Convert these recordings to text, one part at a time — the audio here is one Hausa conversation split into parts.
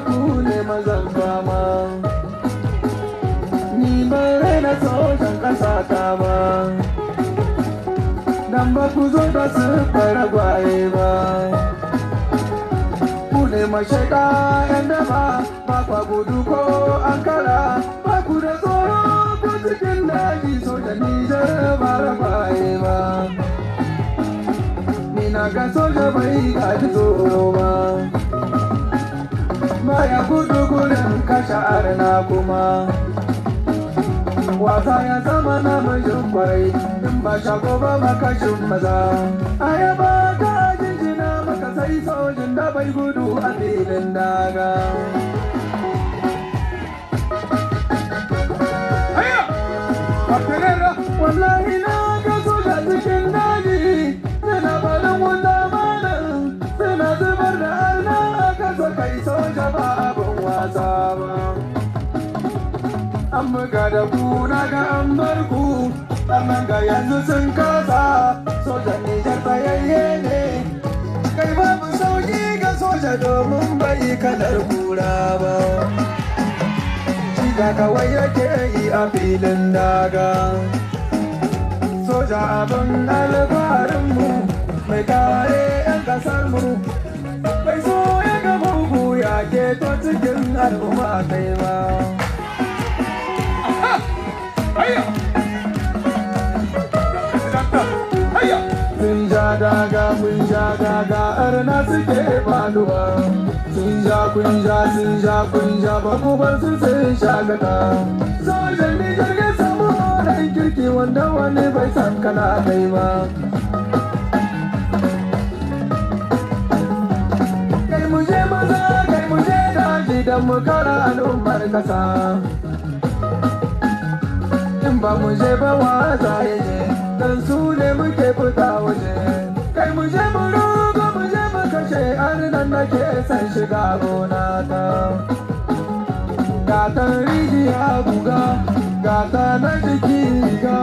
maza ne mazan fama ni bai raina sojan ƙasa ta ba dan ba ku zo da ragwaye ba ku ne yan dama ba kwa ko ankara ba ku da daji sojan nijar ba ragwaye ba ni na ga soja bai gaji tsoro ba na kuma wasa ya zama na mijin kwarai in ba shago ba makashin maza a yaba ka jinjina maka sai sojin da bai gudu a filin daga. wallahi na ga da cikin an ga da ku na ga an bar ku sannan ga yanzu sun kasa sojan nijar bayayye ne kai babu sauki ga soja domin bai kalar kura ba shiga kawai yake yi a filin daga soja abin mu mai kare 'yan mu bai so ya gaba ya ke to cikin al'umma kai ba Sun ja daga kun ja daga arna suke faduwa Sun ja kun ja sun ja kun ja ba mu bar su sun shagata Sojan Nijar ya samu horon kirki wanda wani bai san kana kai ba Kai mu je maza kai mu je daji dan mu kara al'ummar kasa ba mu je ba wa ne je dan su ne muke fita waje kai mu je mu ruga mu je mu kashe nan da ke san shiga gona ta gatan rijiya guga gata na jiki riga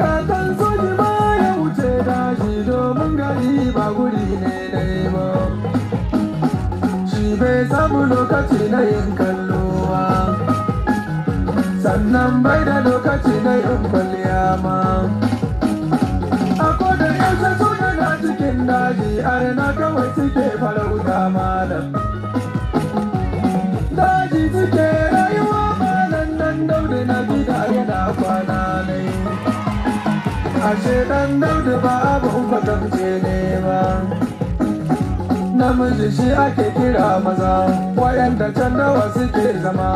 gatan soji ma ya wuce da daji domin gari ba guri ne dai ba shi bai samu lokaci na yin nan bai da lokaci dai in kwalliya ma a koda yanzu suna na cikin daji a na kawai suke farauta malam daji suke rayuwa malam nan daudi na gida yana kwana ne ashe dan daudi ba abun fakamce ne ba namiji shi ake kira maza wayanda can dawa suke zama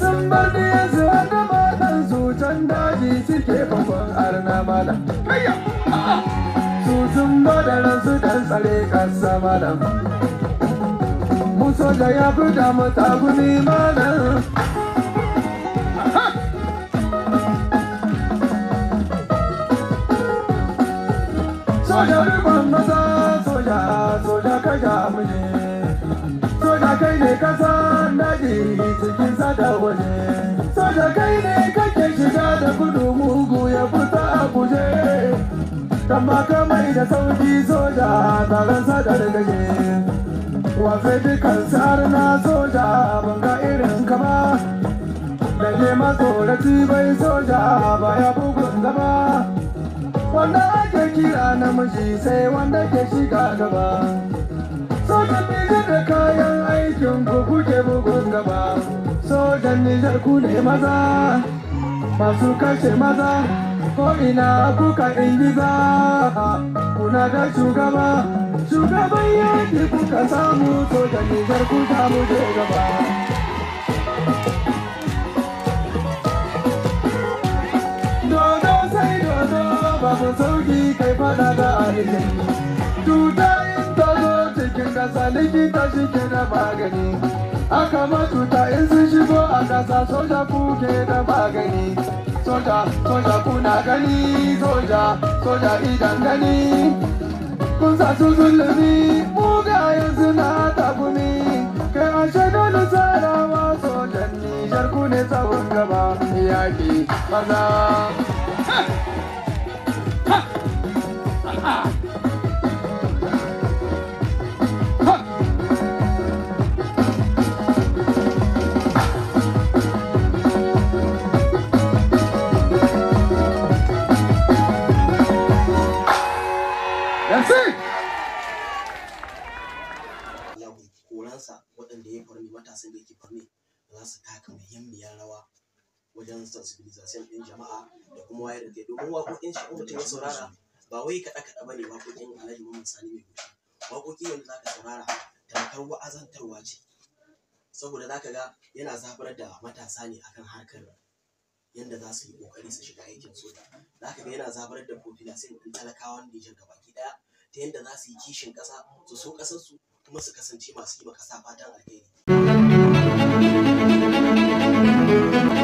sun bar da yanzu yan daji suke famfan arna na. su sun bada ransu dan tsare kasa malam mu soja ya buga mu tagumi malam soja rikon maza soja soja kaja muje soja kai ne kasa daji cikin sada waje soja kai ne amma kamar da sauki soja taron sadar gage wafe dukan har na soja ban ga irin ka ba da ke matsoraci bai soja ba ya bugun gaba wanda ake kira namiji sai wanda ke shiga gaba sojan nijar da kayan aikin ku kuke bugun gaba sojan nijar ku ne maza masu kashe maza ko ina kuka ɗibi ba kuna da shugaba shugaban yaki kuka samu to da nijar ku samu gaba dodo sai dodo babu sauki kai fada da alikin tuta in ta zo cikin kasa likita shi ke da magani aka matuta in sun shigo a kasa soja kuke da magani soja soja kuna gani soja soja idan gani kun sa su zulumi mugayen suna takumi kai a shaidar sarawa sojan nijar ku ne tsawon gaba yaki maza taka muhimmiyar rawa wajen sensibilization din jama'a da kuma wayar da kai domin waƙoƙin shi mutum ya saurara ba wai kaɗa kaɗa ba ne waƙoƙin alhaji muhammad sani mai gushi waƙoƙi yanzu za ka saurara tamkar wa'azantarwa ce saboda zaka ga yana zabar da matasa ne akan harkar yanda za su yi kokari su shiga aikin soja zaka ga yana zabar da population ɗin talakawan Nijar gaba baki ɗaya ta yanda za su yi kishin ƙasa su so ƙasarsu kuma su kasance masu yi ma ƙasa fatan alheri. Thank you.